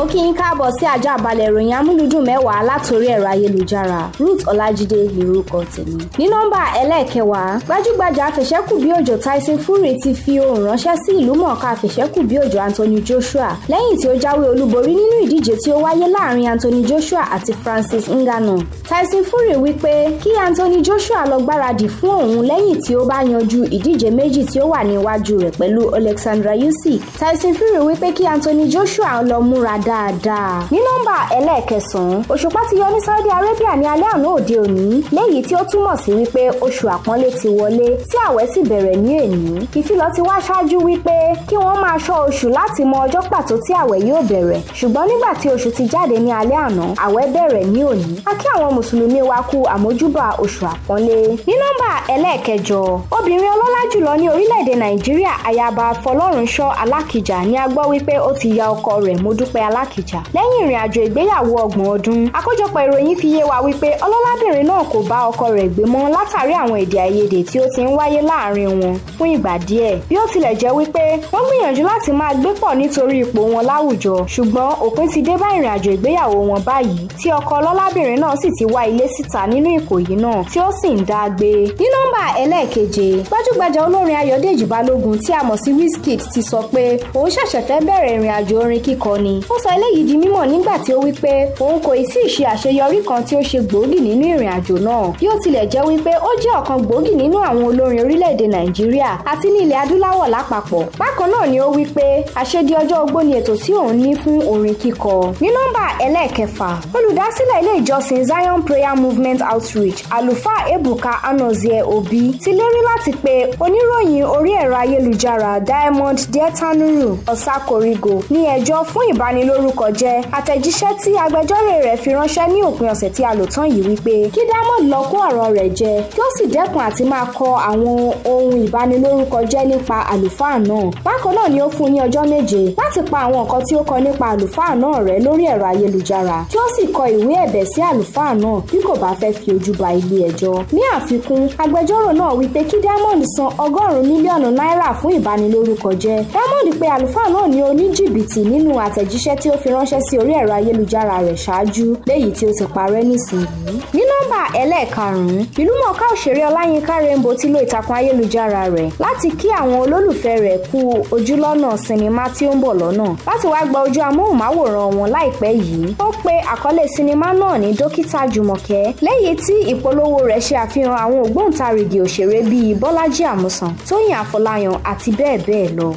mo kí yín káàbọ̀ sí ajá balẹ̀ ìròyìn amúlùdùn mẹ́wàá látòrí ẹ̀rọ ayélujára Ruth Ọlájídé ní tèmi. ní nọ́mbà ẹlẹ́ẹ̀kẹwàá gbajúgbajà àfẹ̀ṣẹ́kù bí òjò Tyson Fury ti fi ohùn ránṣẹ́ sí ìlú mọ̀ọ́ká àfẹ̀ṣẹ́kù bí òjò Anthony Joshua lẹ́yìn tí ó jáwé olúborí nínú ìdíje tí ó wáyé láàrin Anthony Joshua àti Francis Ngannou. Tyson Fury wí pé kí Anthony Joshua lọ gbáradì fún òun lẹ́yìn tí ó bá yanjú ìdíje méjì tí ó wà níwájú rẹ̀ pẹ̀lú Alexandra Usyk. Tyson Fury wí pé kí Anthony Joshua lọ múra d dáadáa. ní nọ́mbà ẹlẹ́ẹ̀kẹsàn-án òṣùpá ti yọ ní Saudi Arabia ní alẹ́ àná òde òní léyìí tí ó túmọ̀ sí wípé oṣù àpọ́nlé ti wọlé tí àwẹ̀ sì bẹ̀rẹ̀ ní èní ìfilọ̀ ti wá ṣáájú wípé kí wọ́n máa ṣọ́ oṣù láti mọ ọjọ́ pàtó tí àwẹ̀ yóò bẹ̀rẹ̀ ṣùgbọ́n nígbà tí oṣù ti jáde ní alẹ́ àná àwẹ̀ bẹ̀rẹ̀ ní òní a kí àwọn mùsùlùmí wa kú àmójúbà oṣù àpọ́nlé ní nọ́mbà ẹlẹ́ẹ̀kẹjọ obìnrin ọlọ́lá jùlọ ní orílẹ̀-èdè Nàìjíríà ayaba Fọlọ́runṣọ́ Alákìjà ni a gbọ́ wípé ó ti ya ọkọ rẹ̀ Modúpẹ́ alá Lákìjà lẹ́yìn ìrìn àjò ìgbéyàwó ọgbọ̀n ọdún àkójọpọ̀ ìròyìn fi yé wa wípé ọlọ́lábìnrin náà kò bá ọkọ rẹ̀ gbé mọ́ látàrí àwọn èdè àìyedè tí ó ti ń wáyé láàrin wọn fún ìgbà díẹ̀ bí ó tilẹ̀ jẹ́ wípé wọ́n gbìyànjú láti máa gbé pọ̀ nítorí ipò wọn láwùjọ ṣùgbọ́n òpin ti dé bá ìrìn àjò ìgbéyàwó wọn báyìí tí ọkọ ọlọ́lábìnrin náà sì ti wá ilé síta nínú Ìkòyí náà tí ó sì ń dá ní nọ́mbà ẹlẹ́ẹ̀keje gbajúgbajà olórin Ayọ̀dèjì Balógun tí a mọ̀ sí Wizkid ti sọ pé òun ṣẹ̀ṣẹ̀ fẹ́ bẹ̀rẹ̀ ìrìn àjò orin kíkọ ni ó sọ eléyìí di mímọ̀ nígbà tí ó wí pé òun kò ì sí ìṣe àṣeyọrí kan tí ó ṣe gbòógì nínú ìrìn àjò náà bí ó tilẹ̀ jẹ́ wípé ó jẹ́ ọ̀kan gbòógì nínú àwọn olórin orílẹ̀-èdè nàìjíríà àti ní ilẹ̀ adúláwọ̀ lápapọ̀ bákan náà ni ó wí pé àṣedi ọjọ́ ogbó ni ètò tí òun ní fún orin kíkọ ní nọ́mbà ẹlẹ́ẹ̀kẹfà olùdásílẹ̀ ilé ìjọsìn zion prayer movement outreach àlùfáà ebuka anozie obi ti lérí láti pe oníròyìn orí ẹ̀rọ ayélujára diamond dietanuru osakorigo ní ẹjọ́ fún ìbanilórúkọ lórúkọ jẹ́ àtẹ̀jíṣẹ́ tí agbẹjọ́rò rẹ̀ fi ránṣẹ́ ní òpin ọ̀sẹ̀ tí a lò tán yìí wípé kí Diamond lọ kó ọ̀rọ̀ rẹ̀ jẹ kí ó sì dẹ́kun àti máa kọ àwọn ohun ìbanilórúkọjẹ́ nípa àlùfáà náà bákan náà ni ó fún ní ọjọ́ méje láti pa àwọn nǹkan tí ó kọ nípa àlùfáà náà rẹ̀ lórí ẹ̀rọ ayélujára kí ó sì kọ ìwé ẹ̀bẹ̀ sí àlùfáà náà bí kò bá fẹ́ fi ojú ba ilé ẹjọ́ ní àfikún agbẹjọ́rò náà wípé kí Diamond san ọgọ́rùn-ún mílíọ̀nù náírà fún ìbanilórúkọjẹ́ Diamond pé àlùfáà náà ní oníjìbìtì nínú àtẹ̀jíṣẹ́ tí ó fi ránṣẹ́ sí orí ẹ̀rọ ayélujára rẹ̀ ṣáájú léyìí tí ó ti parẹ́ nísìnyí. ní nọ́mbà ẹlẹ́ẹ̀karùn-ún ìlúmọ̀ọ́ká òṣèré ọláyínká rainbow ti lo ìtàkùn ayélujára rẹ̀ láti kí àwọn olólùfẹ́ rẹ̀ kú ojúlọ́nà sinimá tí ó ń bọ̀ lọ́nà láti wá gba ojú amóhùnmáwòrán wọn láìpẹ́ yìí ó pe àkọlé sinimá náà ní dókítà jùmọ̀kẹ́ léyìí tí ìpolówó rẹ̀ ṣe àfihàn àwọn ògbóǹtarìgì òṣèré bíi bọ́lájí àmúsàn tóyìn àfọláyàn àti bẹ́ẹ̀ bẹ́ẹ̀ lọ.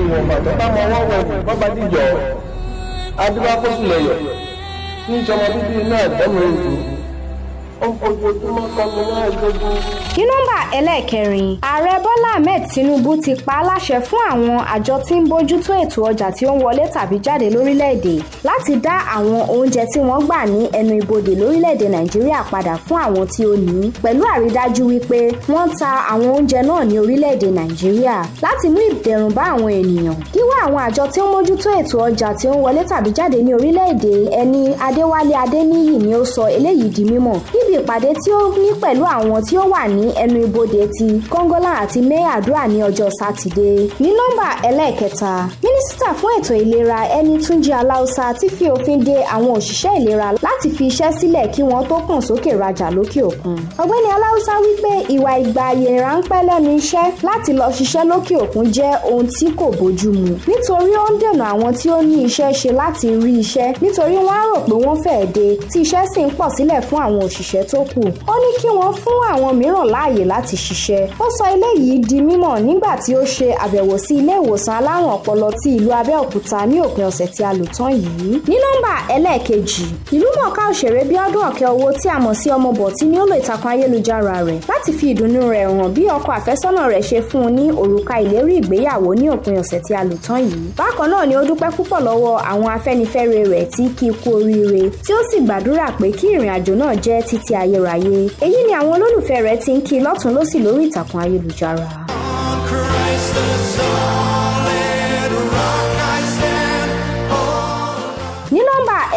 ìwọ̀n adébáfọ́sùlẹ̀yọ̀ ní ìjọba bíbí náà dẹ́mọ̀ ìlú ó ń fojoojúmọ́ kọ́ni náà gbogbo ní nọ́mbà ẹlẹ́ẹ̀kẹrin ààrẹ bọ́lá ahmed tinubu ti pa á láṣẹ fún àwọn àjọ tí ń bójútó ètò ọjà tí ó ń wọlé tàbí jáde lórílẹ̀‐èdè láti dá àwọn oúnjẹ tí wọ́n gbà ní ẹnu ibodè lórílẹ̀‐èdè nàìjíríà padà fún àwọn tí ó ní pẹ̀lú àrídájú wípé wọ́n ta àwọn oúnjẹ náà ní orílẹ̀‐èdè nàìjíríà láti mú ìdẹ̀rùn bá àwọn ènìyàn kíwá àwọn àjọ tí ó mójútó ètò ọjà tí ó ń wọlé tàbí jáde ní orílẹ̀‐èdè ẹni adéwálé adéníyì ni ó sọ eléyìí di mímọ̀ níbi ìpàdé tí ó ní pẹ̀lú àwọn tí ó wà ní ẹnu ibodè ti kọ́ngọ́lá àti mẹ́àdúrà ní ọjọ́ sátidé ní nọ́mbà ẹlẹ́ẹ̀kẹta mínísítà fún ètò ìlera ẹni túnjí aláùsá ti fi òfin de àwọn òṣìṣẹ́ ìlera láti fi iṣẹ́ sílẹ̀ kí wọ́n tó kàn sókè rajà lókè òkun ọ̀gbẹ́ni aláùsá wípé ìwà ìgbà ààyè ráńpẹ́ lẹ́nu iṣẹ́ láti lọ ṣiṣẹ́ lókè òkun jẹ́ ohun tí kò bójú mu nítorí ó ń dènà àwọn tí ó ní iṣẹ́ ṣe láti rí iṣẹ́ nítorí wọ́n á rò pé wọ́n fẹ́ẹ́ de tí iṣẹ́ sì ń pọ̀ sílẹ̀ fún àwọn òṣìṣẹ́ tó kù ó ní kí wọ́n fún àwọn mìíràn láàyè láti ṣiṣẹ́. ó sọ eléyìí di mímọ̀ nígbà tí ó ṣe àbẹ̀wò sí ilé ìwòsàn alárùn ọpọlọ ti ìlú Abẹ́òkúta ní òpin ọ̀sẹ̀ tí a lò tán yìí. ní nọ́mbà ẹlẹ́ẹ̀kejì ìlúmọ̀ọ́ká òṣèré Bíọ́dún Ọ̀kẹ́owó tí a mọ̀ sí ọmọ Bọ̀tí ni ó lo ìtàkùn ayélujára rẹ̀ láti fi ìdùnnú rẹ̀ hàn bí ọkọ àfẹ́sọ́nà rẹ̀ ṣe fún un ní òrùka ìlérí ìgbéyàwó ní òpin ọ̀sẹ̀ tí a lò tán yìí. bákan náà ni ó dúpẹ́ púpọ̀ lọ́wọ́ àwọn afẹ́nifẹ́re rẹ̀ tí kí i kú oríire tí ó sì gbàdúrà pé kí ìrìn àjò náà jẹ́ títí ayérayé. èyí ni àwọn olólùfẹ́ rẹ̀ ti ń kí lọ́tún lọ́sì lórí ìtàkùn ayélujára.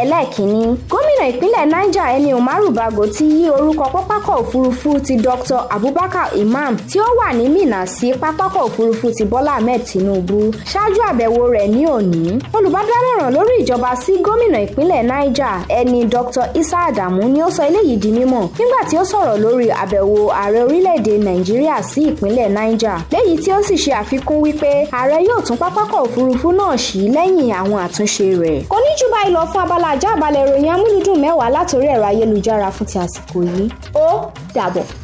ẹlẹ́ẹ̀kínní gómìnà ìpínlẹ̀ niger ẹni umaru bago ti yí orúkọ pápákọ̀ òfurufú ti dr abubakar imam tí ó wà ní minna sí pápákọ̀ òfurufú ti bọ́lá ahmed tinubu ṣáájú àbẹ̀wò rẹ̀ ní òní olùbádámọ̀ràn lórí ìjọba sí gómìnà ìpínlẹ̀ niger ẹni dr isa adamu ni ó sọ eléyìí di mímọ̀ nígbà tí ó sọ̀rọ̀ lórí àbẹ̀wò ààrẹ orílẹ̀-èdè nàìjíríà sí ìpínlẹ̀ niger léyìí tí ó sì ṣe àfikún wípé ààrẹ yóò tún pápákọ̀ òfurufú náà ṣí lẹ́yìn àwọn àtúnṣe rẹ̀ kò ní jù báyìí fún abala la àjábálẹ̀ ìròyìn amúlùdùn mẹ́wàá látòrí ẹ̀rọ ayélujára fún ti àsìkò yìí ó dàbọ̀.